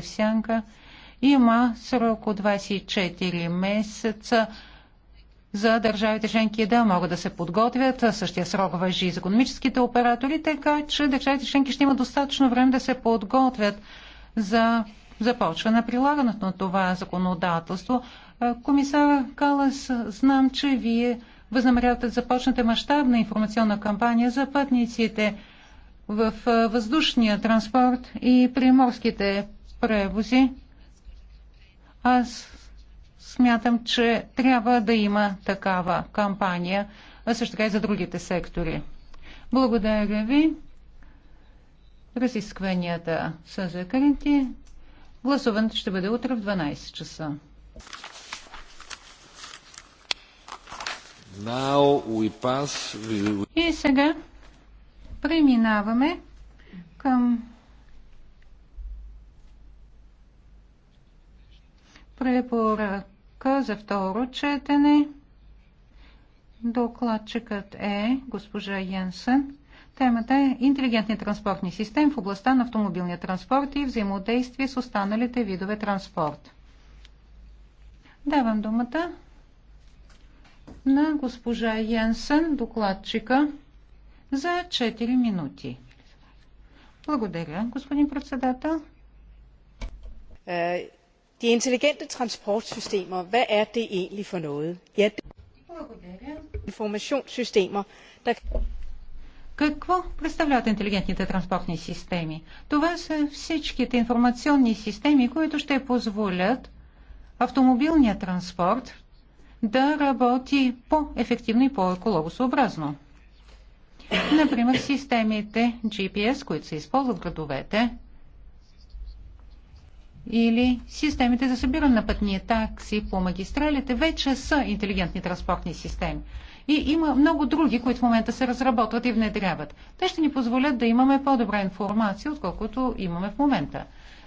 сянка. Има срок от 24 месеца за държавите членки да могат да се подготвят. Същия срок въжи и за економическите оператори, така че държавите членки ще имат достатъчно време да се подготвят за започване на прилагането на това законодателство. Комисар Калас, знам, че вие възнамерявате да започнете мащабна информационна кампания за пътниците в въздушния транспорт и приморските превози. Аз смятам, че трябва да има такава кампания, а също така и за другите сектори. Благодаря ви. Разискванията са закрити. Гласуването ще бъде утре в 12 часа. И сега преминаваме към препоръка за второ четене. Докладчикът е госпожа Янсен. Темата е интелигентни транспортни системи в областта на автомобилния транспорт и взаимодействие с останалите видове транспорт. Давам думата на госпожа Янсен, докладчика, за 4 минути. Благодаря, господин председател. Е, de intelligente transportsystemer hvad er det egentlig for noget? ja det информationssystemer der какво представляват интелигентните транспортни системи? Това са всичките информационни системи, които ще позволят автомобилния транспорт да работи по-ефективно и по-екологосообразно. Например, системите GPS, които се използват в градовете, или системите за събиране на пътния, такси по магистралите вече са интелигентни транспортни системи. И има много други, които в момента се разработват и внедряват. Те ще ни позволят да имаме по-добра информация, отколкото имаме в момента.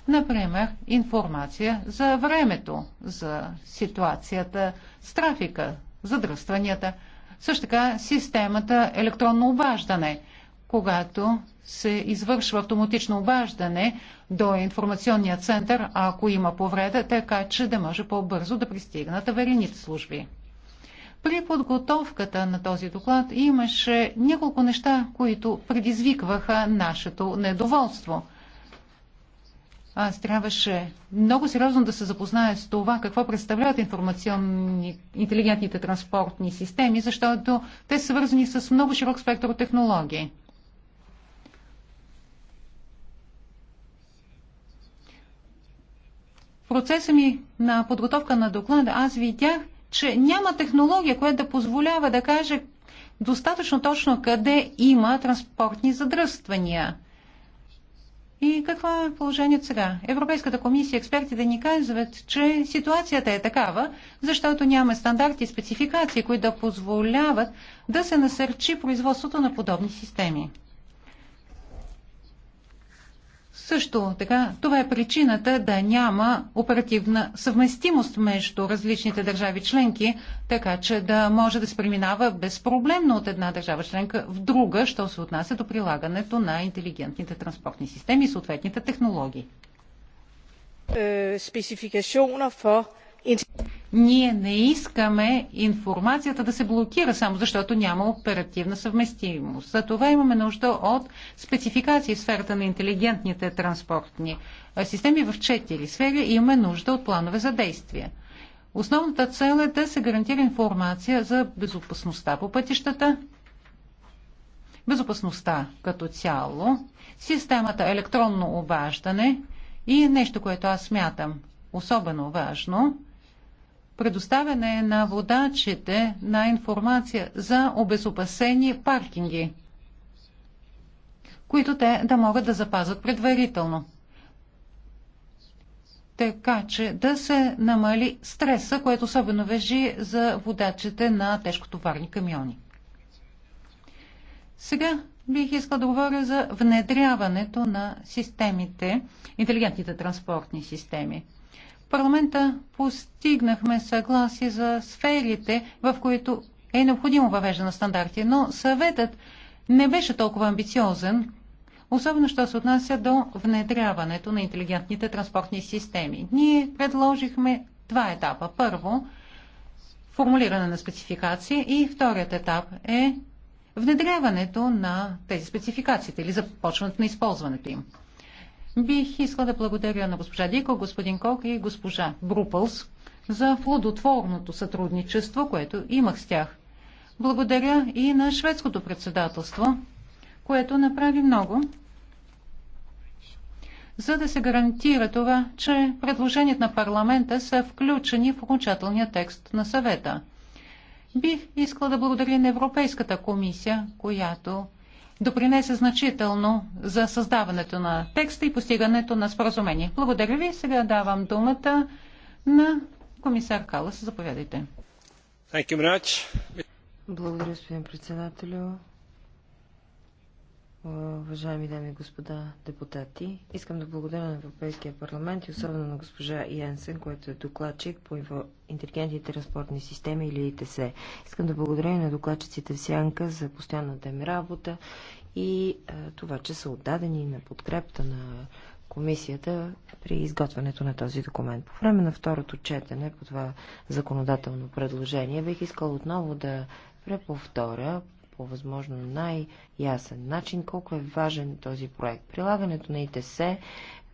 Например, информация за времето, за ситуацията с трафика, задръстванията. Също така системата електронно обаждане – когато се извършва автоматично обаждане до информационния център, ако има повреда, така че да може по-бързо да пристигнат аварийните служби. При подготовката на този доклад имаше няколко неща, които предизвикваха нашето недоволство. Аз трябваше много сериозно да се запозная с това, какво представляват информационни, интелигентните транспортни системи, защото те са свързани с много широк спектър от технологии. процеса ми на подготовка на доклада аз видях, че няма технология, която да позволява да каже достатъчно точно къде има транспортни задръствания. И какво е положението сега? Европейската комисия, експертите ни казват, че ситуацията е такава, защото няма стандарти и спецификации, които да позволяват да се насърчи производството на подобни системи. Също така, това е причината да няма оперативна съвместимост между различните държави членки, така че да може да се преминава безпроблемно от една държава членка в друга, що се отнася до прилагането на интелигентните транспортни системи и съответните технологии. Е, Спецификаtioner for ние не искаме информацията да се блокира само защото няма оперативна съвместимост. За това имаме нужда от спецификации в сферата на интелигентните транспортни системи в четири сфери и имаме нужда от планове за действие. Основната цел е да се гарантира информация за безопасността по пътищата, безопасността като цяло, системата електронно обаждане и нещо, което аз смятам особено важно, предоставяне на водачите на информация за обезопасени паркинги, които те да могат да запазят предварително. Така че да се намали стреса, което особено вежи за водачите на тежкотоварни камиони. Сега бих искал да говоря за внедряването на системите, интелигентните транспортни системи парламента постигнахме съгласие за сферите, в които е необходимо въвеждане на стандарти, но съветът не беше толкова амбициозен, особено що се отнася до внедряването на интелигентните транспортни системи. Ние предложихме два етапа. Първо, формулиране на спецификации и вторият етап е внедряването на тези спецификации или започването на използването им. Бих искала да благодаря на госпожа Дико, господин Кок и госпожа Брупълс за плодотворното сътрудничество, което имах с тях. Благодаря и на шведското председателство, което направи много, за да се гарантира това, че предложенията на парламента са включени в окончателния текст на съвета. Бих искала да благодаря на Европейската комисия, която допринесе значително за създаването на текста и постигането на споразумение. Благодаря ви. Сега давам думата на комисар Калас. Заповядайте. Благодаря, господин председателю. Уважаеми дами и господа депутати, искам да благодаря на Европейския парламент и особено на госпожа Йенсен, който е докладчик по интелигентни транспортни системи или ИТС. Искам да благодаря и на докладчиците в Сянка за постоянната им работа и това, че са отдадени на подкрепта на комисията при изготвянето на този документ. По време на второто четене по това законодателно предложение бих искал отново да преповторя по възможно най-ясен начин колко е важен този проект. Прилагането на ИТС,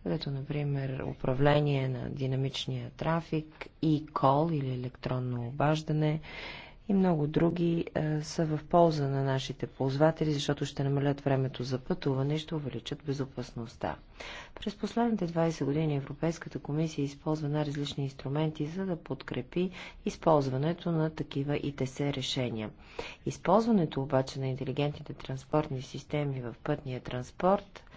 като например управление на динамичния трафик, e-call или електронно обаждане, и много други е, са в полза на нашите ползватели, защото ще намалят времето за пътуване и ще увеличат безопасността. През последните 20 години Европейската комисия използва на различни инструменти, за да подкрепи използването на такива ИТС решения. Използването обаче на интелигентните транспортни системи в пътния транспорт –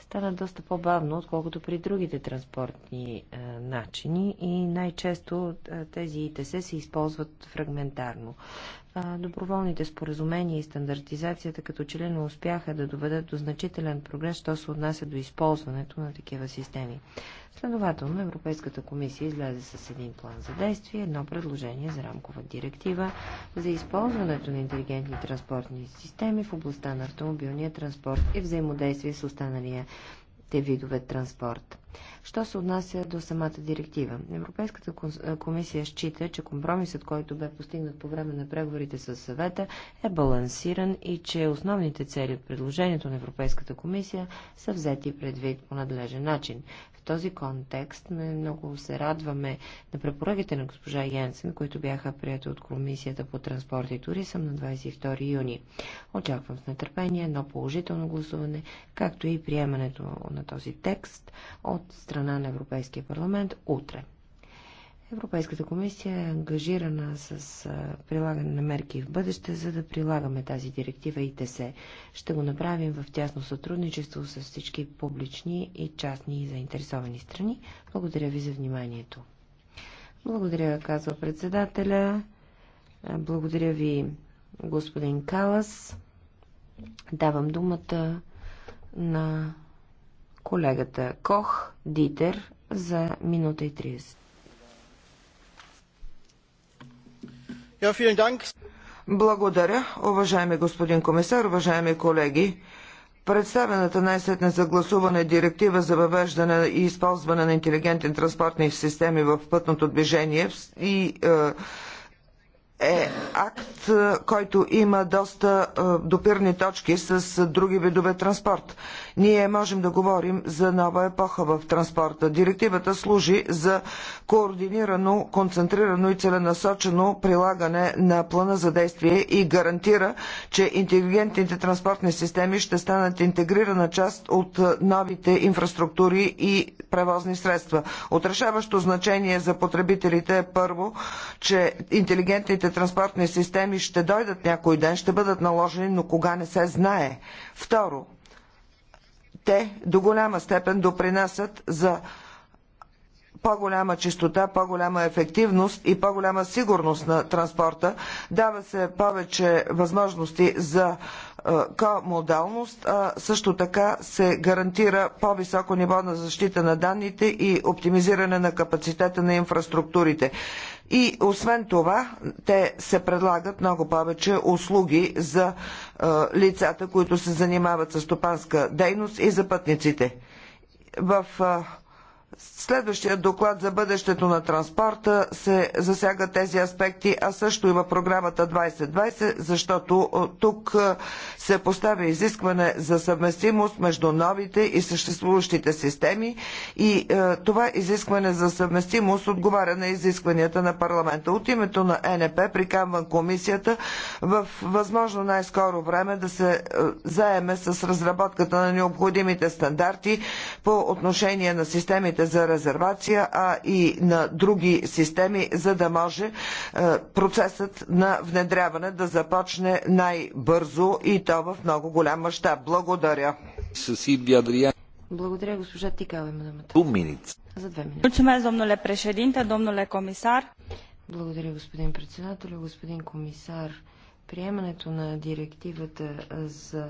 стана доста по-бавно, отколкото при другите транспортни а, е, начини и най-често е, тези ИТС се използват фрагментарно. А, е, доброволните споразумения и стандартизацията като че ли не успяха да доведат до значителен прогрес, що се отнася до използването на такива системи. Следователно Европейската комисия излезе с един план за действие, едно предложение за рамкова директива за използването на интелигентни транспортни системи в областта на автомобилния транспорт и взаимодействие с останалия видове транспорт. Що се отнася до самата директива? Европейската комисия счита, че компромисът, който бе постигнат по време на преговорите с съвета, е балансиран и че основните цели от предложението на Европейската комисия са взети предвид по надлежен начин този контекст ме много се радваме на препоръките на госпожа Янсен, които бяха прияти от Комисията по транспорт и туризъм на 22 юни. Очаквам с нетърпение едно положително гласуване, както и приемането на този текст от страна на Европейския парламент утре. Европейската комисия е ангажирана с прилагане на мерки в бъдеще, за да прилагаме тази директива и се. Ще го направим в тясно сътрудничество с всички публични и частни и заинтересовани страни. Благодаря ви за вниманието. Благодаря, казва председателя. Благодаря ви, господин Калас. Давам думата на колегата Кох Дитер за минута и 30. Благодаря, уважаеми господин комисар, уважаеми колеги. Представената най-сетне за гласуване директива за въвеждане и използване на интелигентни транспортни системи в пътното движение и е, е акт, е, който има доста е, допирни точки с е, други видове транспорт. Ние можем да говорим за нова епоха в транспорта. Директивата служи за координирано, концентрирано и целенасочено прилагане на плана за действие и гарантира, че интелигентните транспортни системи ще станат интегрирана част от новите инфраструктури и превозни средства. Отрешаващо значение за потребителите е първо, че интелигентните новите транспортни системи ще дойдат някой ден, ще бъдат наложени, но кога не се знае. Второ, те до голяма степен допринасят за по-голяма чистота, по-голяма ефективност и по-голяма сигурност на транспорта. Дава се повече възможности за е, комодалност, а също така се гарантира по-високо ниво на защита на данните и оптимизиране на капацитета на инфраструктурите. И освен това, те се предлагат много повече услуги за е, лицата, които се занимават с стопанска дейност и за пътниците. В е, следващия доклад за бъдещето на транспорта се засягат тези аспекти, а също и в програмата 2020, защото е, тук е, се поставя изискване за съвместимост между новите и съществуващите системи и е, това изискване за съвместимост отговаря на изискванията на парламента. От името на НП приканвам комисията в възможно най-скоро време да се е, заеме с разработката на необходимите стандарти по отношение на системите системите за резервация, а и на други системи, за да може е, процесът на внедряване да започне най-бързо и то в много голям мащаб. Благодаря. Благодаря, госпожа Тикава има думата. За две минути. Mulțumesc, domnule președinte, domnule комисар. Благодаря, господин председател, господин комисар. Приемането на директивата за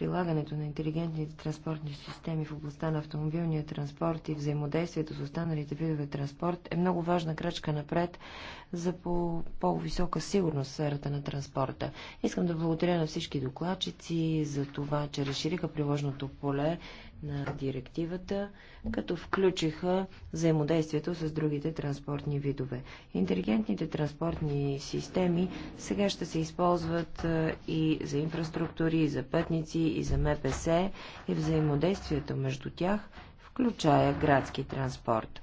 Прилагането на интелигентните транспортни системи в областта на автомобилния транспорт и взаимодействието с останалите видове транспорт е много важна крачка напред за по- по-висока сигурност в сферата на транспорта. Искам да благодаря на всички докладчици за това, че разшириха приложното поле на директивата, като включиха взаимодействието с другите транспортни видове. Интелигентните транспортни системи сега ще се използват и за инфраструктури, и за пътници, и за МПС, и взаимодействието между тях, включая градски транспорт.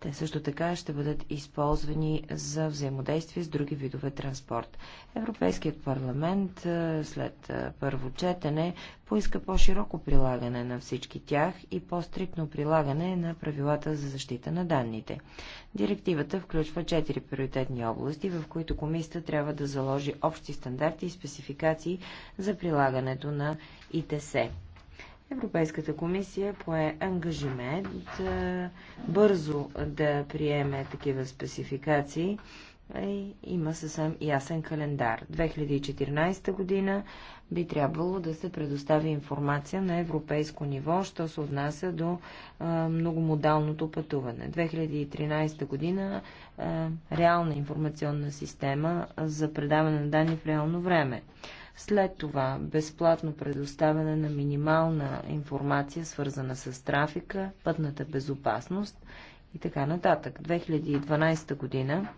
Те също така ще бъдат използвани за взаимодействие с други видове транспорт. Европейският парламент след първо четене поиска по-широко прилагане на всички тях и по-стрикно прилагане на правилата за защита на данните. Директивата включва четири приоритетни области, в които комисията трябва да заложи общи стандарти и спецификации за прилагането на ИТС. Европейската комисия пое ангажимент бързо да приеме такива спецификации и е, има съвсем ясен календар. 2014 година би трябвало да се предостави информация на европейско ниво, що се отнася до а, многомодалното пътуване. 2013 година а, реална информационна система за предаване на данни в реално време. След това безплатно предоставяне на минимална информация, свързана с трафика, пътната безопасност и така нататък. 2012 година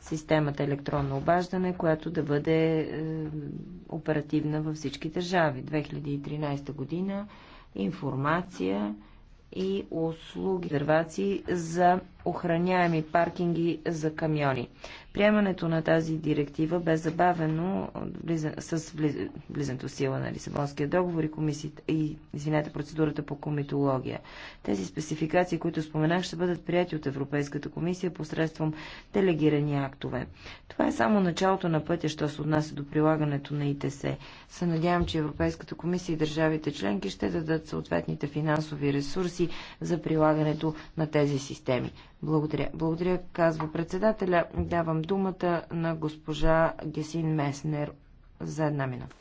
системата електронно обаждане, която да бъде е, оперативна във всички държави. 2013 година информация и услуги, резервации за охраняеми паркинги за камиони. Приемането на тази директива бе забавено с влизането сила на Лисабонския договор и, комисията, и извинете, процедурата по комитология. Тези спецификации, които споменах, ще бъдат прияти от Европейската комисия посредством делегирани актове. Това е само началото на пътя, що се отнася до прилагането на ИТС. Се надявам, че Европейската комисия и държавите членки ще дадат съответните финансови ресурси за прилагането на тези системи. Благодаря. Благодаря, казва председателя. Давам думата на госпожа Гесин Меснер за една минута.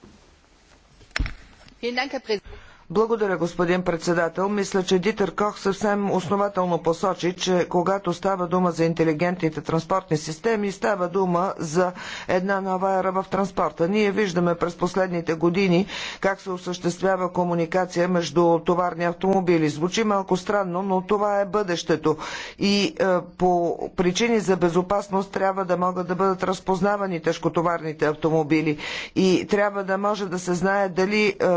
Благодаря, господин председател. Мисля, че Дитър Кох съвсем основателно посочи, че когато става дума за интелигентните транспортни системи, става дума за една нова ера в транспорта. Ние виждаме през последните години как се осъществява комуникация между товарни автомобили. Звучи малко странно, но това е бъдещето. И е, по причини за безопасност трябва да могат да бъдат разпознавани тежкотоварните автомобили и трябва да може да се знае дали е,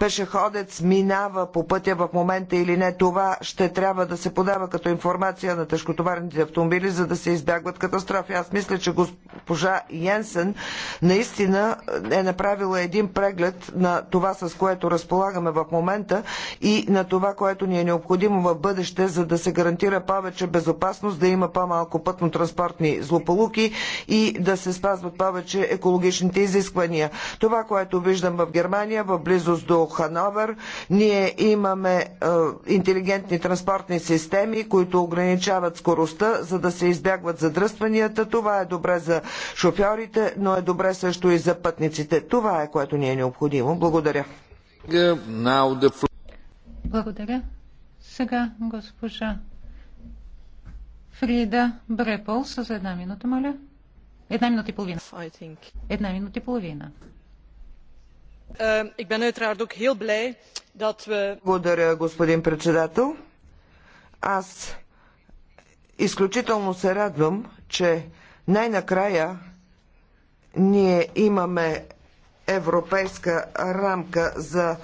пешеходец минава по пътя в момента или не, това ще трябва да се подава като информация на тежкотоварните автомобили, за да се избягват катастрофи. Аз мисля, че госпожа Йенсен наистина е направила един преглед на това, с което разполагаме в момента и на това, което ни е необходимо в бъдеще, за да се гарантира повече безопасност, да има по-малко пътно-транспортни злополуки и да се спазват повече екологичните изисквания. Това, което виждам в Германия, в близо близост до Хановер. Ние имаме е, интелигентни транспортни системи, които ограничават скоростта, за да се избягват задръстванията. Това е добре за шофьорите, но е добре също и за пътниците. Това е което ни е необходимо. Благодаря. Благодаря. Сега госпожа Фрида Брепол с една минута, моля. Една минута и половина. Една минута и половина. Ehm, Благодаря, господин председател. Аз изключително се радвам, че най-накрая ние имаме европейска рамка за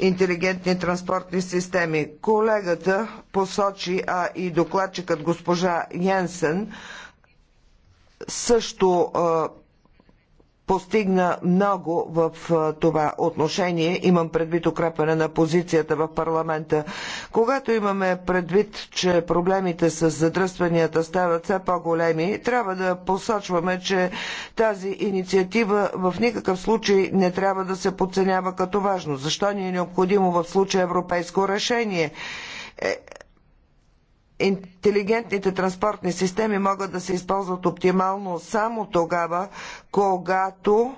интелигентни транспортни системи. Колегата посочи, а и докладчикът госпожа Йенсен също постигна много в това отношение. Имам предвид укрепване на позицията в парламента. Когато имаме предвид, че проблемите с задръстванията стават все по-големи, трябва да посочваме, че тази инициатива в никакъв случай не трябва да се подценява като важно. Защо ни е необходимо в случая европейско решение? Е, Интелигентните транспортни системи могат да се използват оптимално само тогава, когато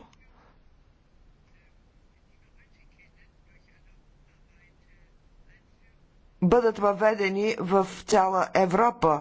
бъдат въведени в цяла Европа,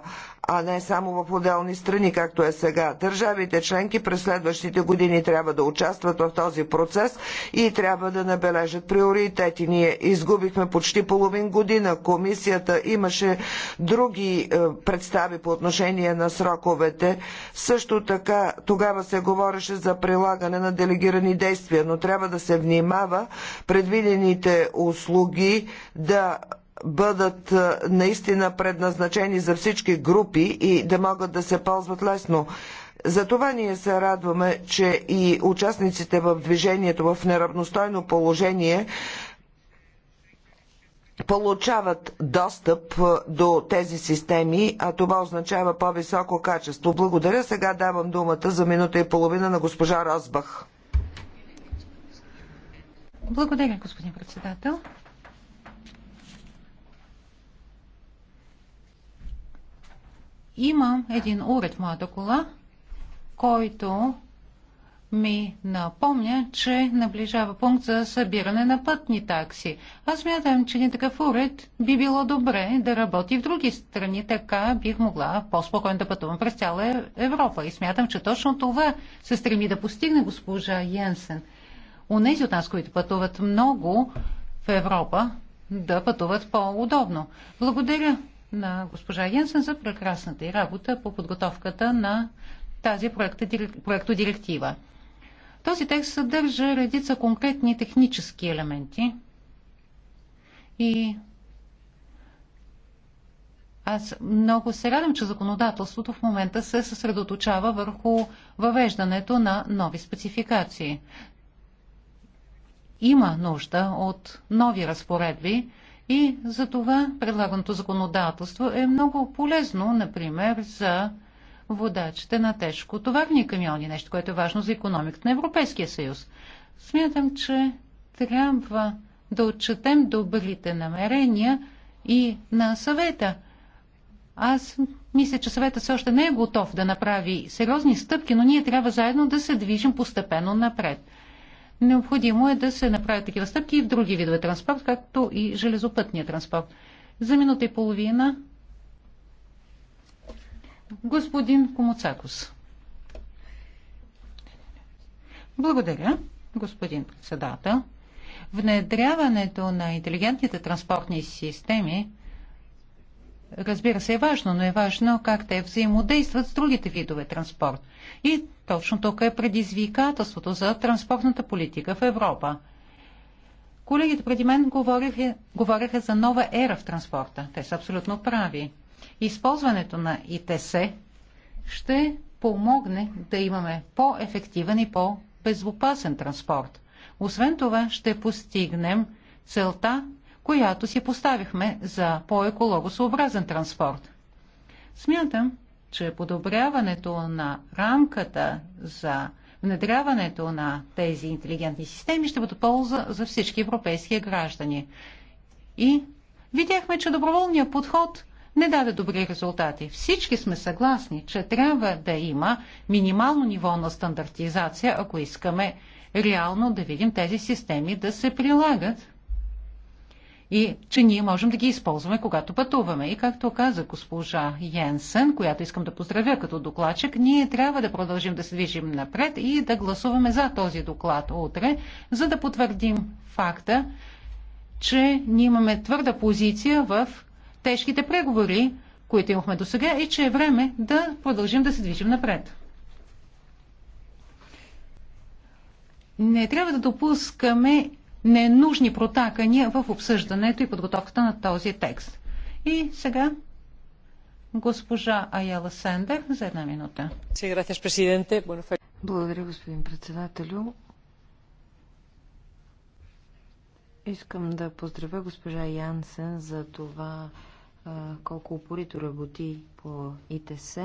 а не само в отделни страни, както е сега. Държавите членки през следващите години трябва да участват в този процес и трябва да набележат приоритети. Ние изгубихме почти половин година. Комисията имаше други е, представи по отношение на сроковете. Също така тогава се говореше за прилагане на делегирани действия, но трябва да се внимава предвидените услуги да бъдат наистина предназначени за всички групи и да могат да се ползват лесно. Затова ние се радваме, че и участниците в движението в неравностойно положение получават достъп до тези системи, а това означава по-високо качество. Благодаря. Сега давам думата за минута и половина на госпожа Розбах. Благодаря, господин председател. Имам един уред в моята кола, който ми напомня, че наближава пункт за събиране на пътни такси. Аз мятам, че ни такъв уред би било добре да работи в други страни, така бих могла по-спокойно да пътувам през цяла Европа. И смятам, че точно това се стреми да постигне госпожа Йенсен. Унези от нас, които пътуват много в Европа, да пътуват по-удобно. Благодаря на госпожа Янсен за прекрасната и работа по подготовката на тази проектодиректива. Този текст съдържа редица конкретни технически елементи и аз много се радвам, че законодателството в момента се съсредоточава върху въвеждането на нови спецификации. Има нужда от нови разпоредби, и за това предлаганото законодателство е много полезно, например, за водачите на тежко товарни камиони, нещо, което е важно за економиката на Европейския съюз. Смятам, че трябва да отчетем добрите намерения и на съвета. Аз мисля, че съвета все още не е готов да направи сериозни стъпки, но ние трябва заедно да се движим постепенно напред. Необходимо е да се направят такива стъпки и в други видове транспорт, както и железопътния транспорт. За минута и половина господин Комуцакус. Благодаря, господин председател. Внедряването на интелигентните транспортни системи разбира се е важно, но е важно как те взаимодействат с другите видове транспорт. И точно тук е предизвикателството за транспортната политика в Европа. Колегите преди мен говориха, говориха за нова ера в транспорта. Те са абсолютно прави. Използването на ИТС ще помогне да имаме по-ефективен и по-безопасен транспорт. Освен това ще постигнем целта, която си поставихме за по-екологосъобразен транспорт. Смятам, че подобряването на рамката за внедряването на тези интелигентни системи ще бъде полза за всички европейски граждани. И видяхме, че доброволният подход не даде добри резултати. Всички сме съгласни, че трябва да има минимално ниво на стандартизация, ако искаме реално да видим тези системи да се прилагат и че ние можем да ги използваме, когато пътуваме. И както каза госпожа Йенсен, която искам да поздравя като докладчик, ние трябва да продължим да се движим напред и да гласуваме за този доклад утре, за да потвърдим факта, че ние имаме твърда позиция в тежките преговори, които имахме до сега и че е време да продължим да се движим напред. Не трябва да допускаме ненужни протакания в обсъждането и подготовката на този текст. И сега госпожа Аяла Сендер за една минута. Благодаря, господин председателю. Искам да поздравя госпожа Янсен за това колко упорито работи по ИТС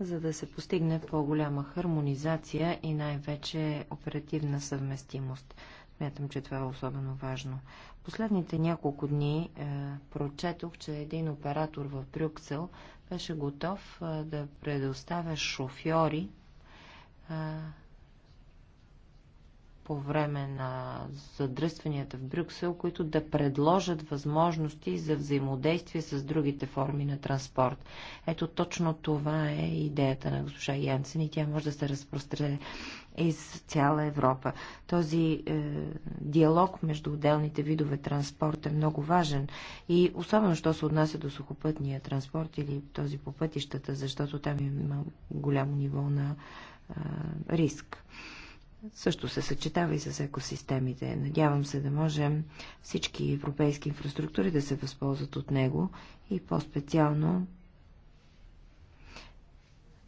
за да се постигне по-голяма хармонизация и най-вече оперативна съвместимост. Смятам, че това е особено важно. Последните няколко дни е, прочетох, че един оператор в Брюксел беше готов е, да предоставя шофьори е, по време на задръстванията в Брюксел, които да предложат възможности за взаимодействие с другите форми на транспорт. Ето точно това е идеята на госпожа Янсен и тя може да се разпростране из цяла Европа. Този е, диалог между отделните видове транспорт е много важен и особено, що се отнася до сухопътния транспорт или този по пътищата, защото там има голямо ниво на е, риск също се съчетава и с екосистемите. Надявам се да можем всички европейски инфраструктури да се възползват от него и по-специално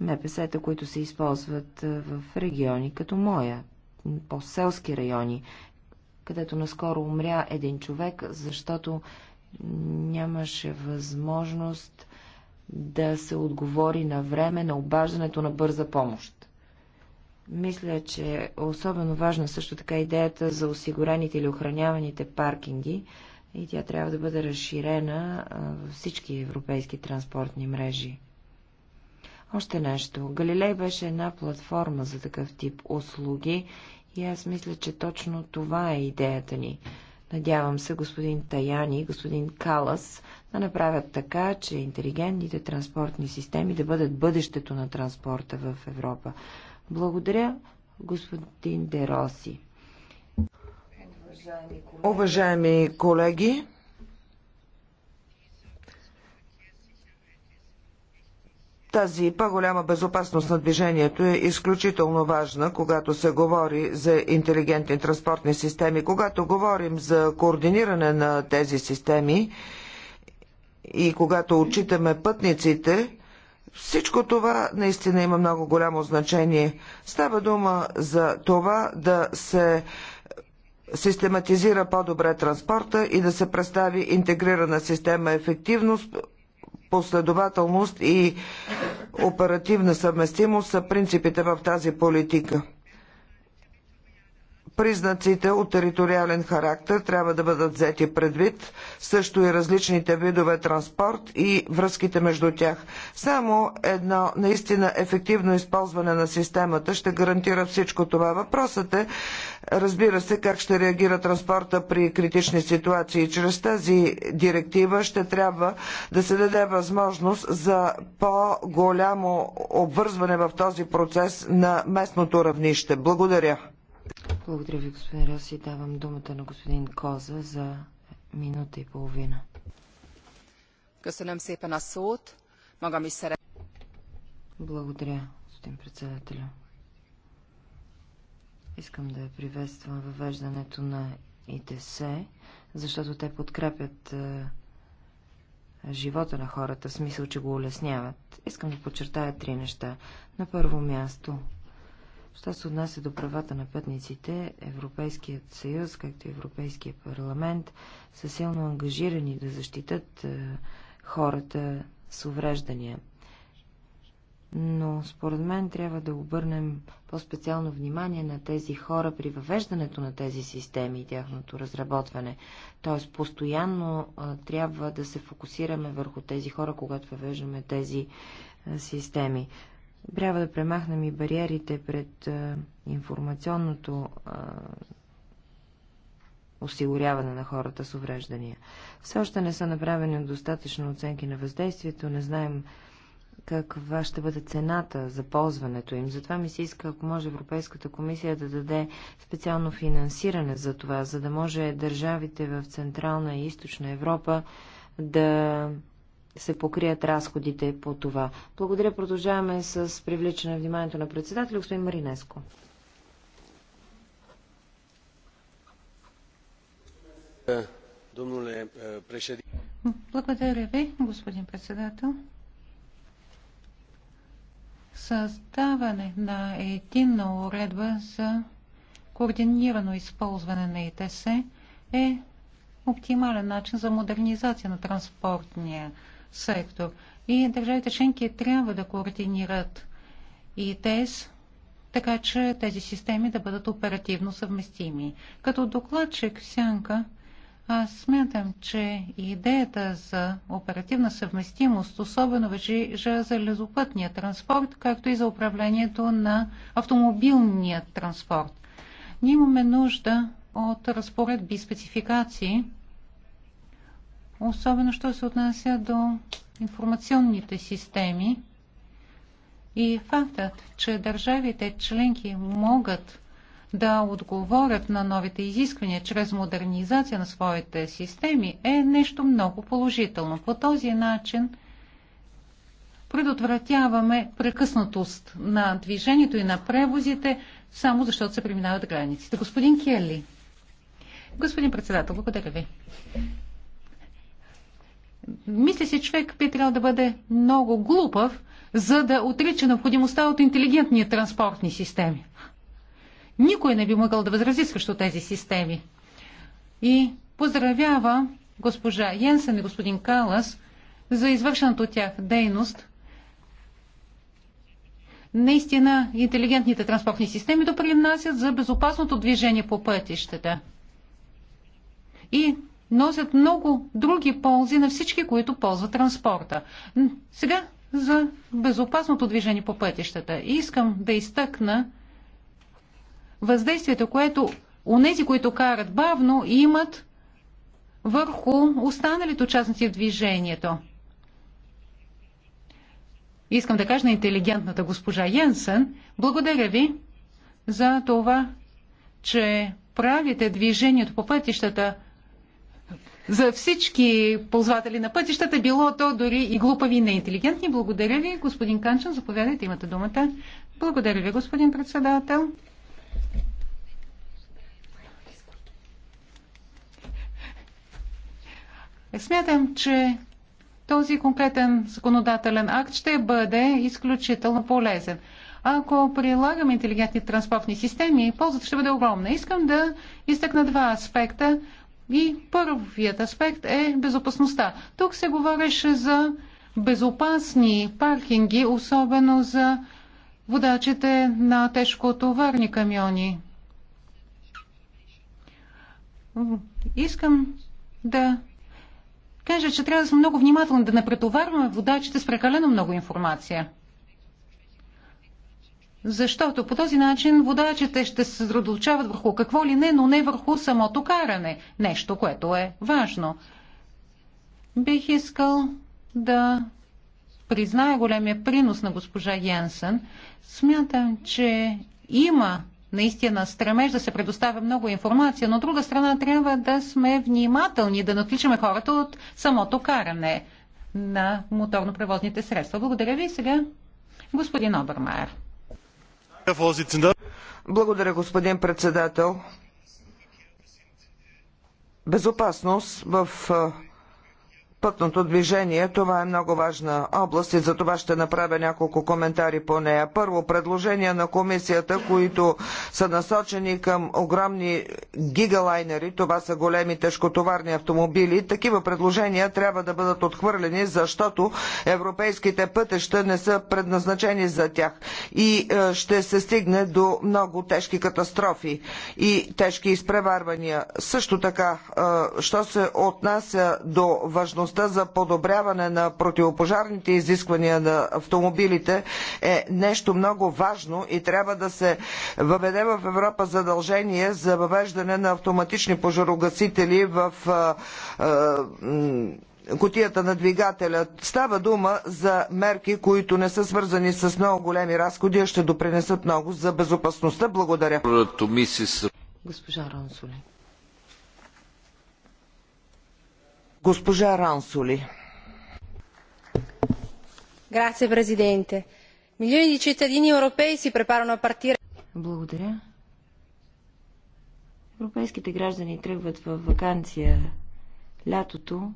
МПС-та, които се използват в региони като моя, по-селски райони, където наскоро умря един човек, защото нямаше възможност да се отговори на време на обаждането на бърза помощ. Мисля, че е особено важна също така идеята за осигурените или охраняваните паркинги и тя трябва да бъде разширена във всички европейски транспортни мрежи. Още нещо. Галилей беше една платформа за такъв тип услуги и аз мисля, че точно това е идеята ни. Надявам се господин Таяни и господин Калас да направят така, че интелигентните транспортни системи да бъдат бъдещето на транспорта в Европа. Благодаря, господин Дероси. Уважаеми колеги, Тази по-голяма безопасност на движението е изключително важна, когато се говори за интелигентни транспортни системи. Когато говорим за координиране на тези системи и когато отчитаме пътниците, всичко това наистина има много голямо значение. Става дума за това да се систематизира по-добре транспорта и да се представи интегрирана система ефективност, последователност и оперативна съвместимост са принципите в тази политика. Признаците от териториален характер трябва да бъдат взети предвид, също и различните видове транспорт и връзките между тях. Само едно наистина ефективно използване на системата ще гарантира всичко това. Въпросът е, разбира се, как ще реагира транспорта при критични ситуации. Чрез тази директива ще трябва да се даде възможност за по-голямо обвързване в този процес на местното равнище. Благодаря. Благодаря ви, господин Роси. Давам думата на господин Коза за минута и половина. Благодаря, господин председателя. Искам да приветствам въвеждането на ИТС, защото те подкрепят е, живота на хората, в смисъл, че го улесняват. Искам да подчертая три неща. На първо място, Що се отнася до правата на пътниците, Европейският съюз, както и Европейския парламент, са силно ангажирани да защитат е, хората с увреждания. Но според мен трябва да обърнем по-специално внимание на тези хора при въвеждането на тези системи и тяхното разработване. Тоест, постоянно е, трябва да се фокусираме върху тези хора, когато въвеждаме тези е, системи. Трябва да премахнем и бариерите пред информационното осигуряване на хората с увреждания. Все още не са направени достатъчно оценки на въздействието, не знаем каква ще бъде цената за ползването им. Затова ми се иска, ако може Европейската комисия да даде специално финансиране за това, за да може държавите в Централна и Източна Европа да се покрият разходите по това. Благодаря. Продължаваме с привличане на вниманието на председателя, господин Маринеско. Е, Благодаря ви, господин председател. Създаване на единна уредба за координирано използване на ИТС е оптимален начин за модернизация на транспортния сектор. И държавите членки трябва да координират и тез, така че тези системи да бъдат оперативно съвместими. Като докладчик в Сянка, аз смятам, че идеята за оперативна съвместимост особено въжи за железопътния транспорт, както и за управлението на автомобилния транспорт. Ние имаме нужда от разпоредби и спецификации, особено що се отнася до информационните системи и фактът, че държавите членки могат да отговорят на новите изисквания чрез модернизация на своите системи е нещо много положително. По този начин предотвратяваме прекъснатост на движението и на превозите, само защото се преминават границите. Господин Келли. Господин председател, благодаря ви мисля си, човек би трябвало да бъде много глупав, за да отрича необходимостта от интелигентни транспортни системи. Никой не би могъл да възрази срещу тези системи. И поздравява госпожа Йенсен и господин Калас за извършената от тях дейност. Наистина, интелигентните транспортни системи допринасят за безопасното движение по пътищата. И носят много други ползи на всички, които ползват транспорта. Сега за безопасното движение по пътищата. Искам да изтъкна въздействието, което онези, които карат бавно, имат върху останалите участници в движението. Искам да кажа на интелигентната госпожа Йенсен, благодаря ви за това, че правите движението по пътищата за всички ползватели на пътищата, било то дори и глупави и неинтелигентни. Благодаря ви, господин Канчан. Заповядайте, имате думата. Благодаря ви, господин председател. Смятам, че този конкретен законодателен акт ще бъде изключително полезен. Ако прилагаме интелигентни транспортни системи, ползата ще бъде огромна. Искам да изтъкна два аспекта, и първият аспект е безопасността. Тук се говореше за безопасни паркинги, особено за водачите на тежкотоварни камиони. Искам да кажа, че трябва да сме много внимателни да не претоварваме водачите с прекалено много информация. Защото по този начин водачите ще се съсредоточават върху какво ли не, но не върху самото каране. Нещо, което е важно. Бих искал да призная големия принос на госпожа Янсен. Смятам, че има наистина стремеж да се предоставя много информация, но от друга страна трябва да сме внимателни, да натличаме хората от самото каране на моторно превозните средства. Благодаря ви сега, господин Обермайер. Благодаря, господин председател. Безопасност в пътното движение. Това е много важна област и за това ще направя няколко коментари по нея. Първо, предложения на комисията, които са насочени към огромни гигалайнери, това са големи тежкотоварни автомобили. Такива предложения трябва да бъдат отхвърлени, защото европейските пътища не са предназначени за тях и е, ще се стигне до много тежки катастрофи и тежки изпреварвания. Също така, е, що се отнася до важността възможността за подобряване на противопожарните изисквания на автомобилите е нещо много важно и трябва да се въведе в Европа задължение за въвеждане на автоматични пожарогасители в котията на двигателя. Става дума за мерки, които не са свързани с много големи разходи, а ще допринесат много за безопасността. Благодаря. Госпожа Госпожа Рансули. Grazie Presidente. Milioni di cittadini europei si preparano a partire. Благодаря. Европейските граждани тръгват в вакансия лятото,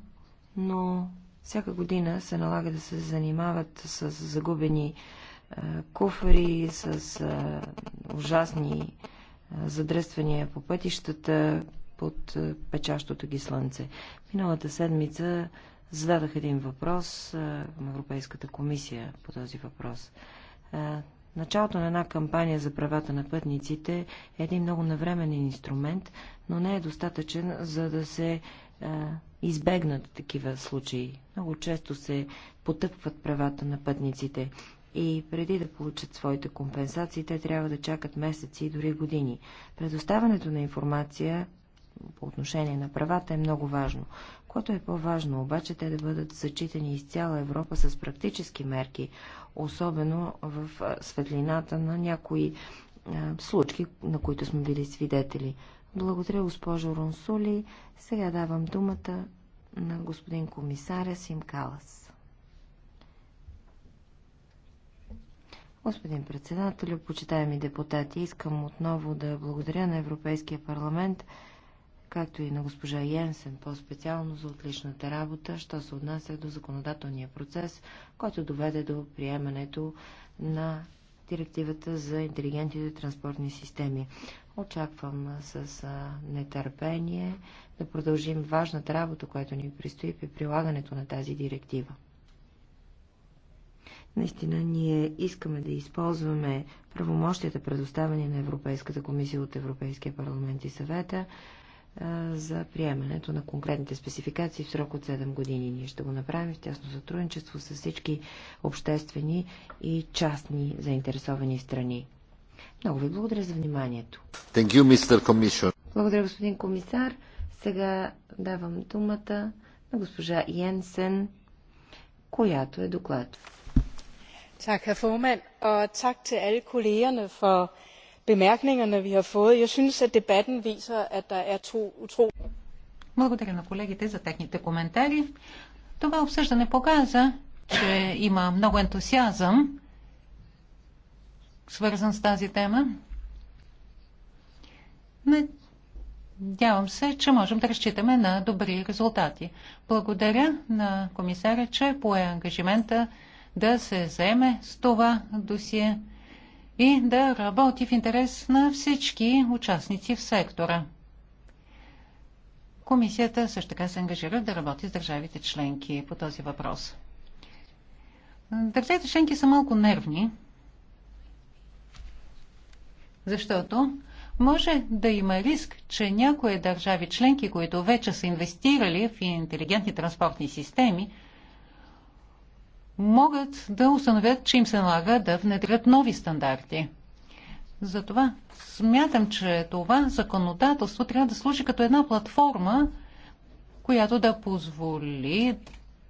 но всяка година се налага да се занимават с загубени е, куфари, с е, ужасни е, задръствания по пътищата, под е, печащото ги слънце. Миналата седмица зададах един въпрос е, към Европейската комисия по този въпрос. Е, началото на една кампания за правата на пътниците е един много навременен инструмент, но не е достатъчен за да се избегнат такива случаи. Много често се потъпват правата на пътниците и преди да получат своите компенсации, те трябва да чакат месеци и дори години. Предоставането на информация по отношение на правата е много важно. Което е по-важно обаче те да бъдат зачитани из цяла Европа с практически мерки, особено в светлината на някои случки, на които сме били свидетели. Благодаря, госпожо Ронсули. Сега давам думата на господин комисаря Симкалас. Господин председател, почитаеми депутати, искам отново да благодаря на Европейския парламент както и на госпожа Йенсен по-специално за отличната работа, що се отнася до законодателния процес, който доведе до приемането на директивата за интелигентните транспортни системи. Очаквам с нетърпение да продължим важната работа, която ни предстои при прилагането на тази директива. Наистина ние искаме да използваме правомощията, предоставени на Европейската комисия от Европейския парламент и съвета, за приемането на конкретните спецификации в срок от 7 години. Ние ще го направим в тясно сътрудничество с всички обществени и частни заинтересовани страни. Много ви благодаря за вниманието. Thank you, Mr. Commission. Благодаря, господин комисар. Сега давам думата на госпожа Йенсен, която е доклад. Tak, herr formand, og tak til alle kollegerne for bemærkningerne, vi har fået. Jeg synes, at debatten viser, at der er to utro... Благодаря на колегите за техните коментари. Това обсъждане показа, че има много ентусиазъм, свързан с тази тема. Надявам се, че можем да разчитаме на добри резултати. Благодаря на комисаря, че пое ангажимента да се заеме с това досие и да работи в интерес на всички участници в сектора. Комисията също така се ангажира да работи с държавите членки по този въпрос. Държавите членки са малко нервни, защото може да има риск, че някои държави членки, които вече са инвестирали в интелигентни транспортни системи, могат да установят, че им се налага да внедрят нови стандарти. Затова смятам, че това законодателство трябва да служи като една платформа, която да позволи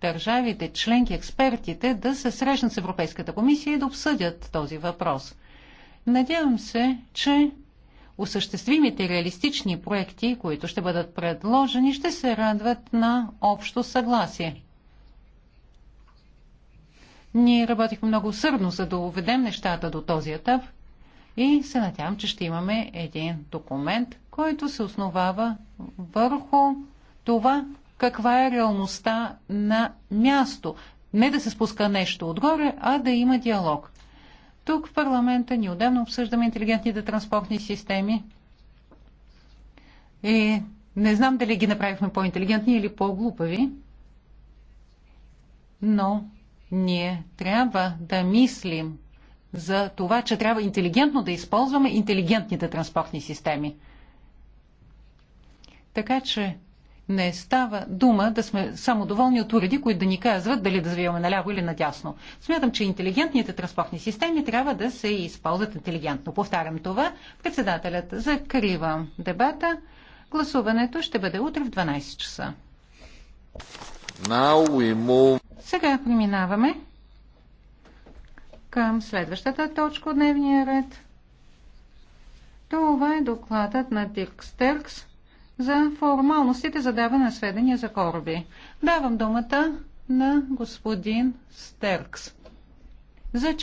държавите, членки, експертите да се срещнат с Европейската комисия и да обсъдят този въпрос. Надявам се, че осъществимите реалистични проекти, които ще бъдат предложени, ще се радват на общо съгласие. Ние работихме много усърдно, за да уведем нещата до този етап и се надявам, че ще имаме един документ, който се основава върху това каква е реалността на място. Не да се спуска нещо отгоре, а да има диалог. Тук в парламента ни отдавна обсъждаме интелигентните транспортни системи. И не знам дали ги направихме по-интелигентни или по-глупави, но ние трябва да мислим за това, че трябва интелигентно да използваме интелигентните транспортни системи. Така че не става дума да сме само доволни от уреди, които да ни казват дали да завиваме наляво или надясно. Смятам, че интелигентните транспортни системи трябва да се използват интелигентно. Повтарям това. Председателят закрива дебата. Гласуването ще бъде утре в 12 часа. Сега преминаваме към следващата точка от дневния ред. Това е докладът на Дирк Стеркс за формалностите за даване на сведения за кораби. Давам думата на господин Стеркс. За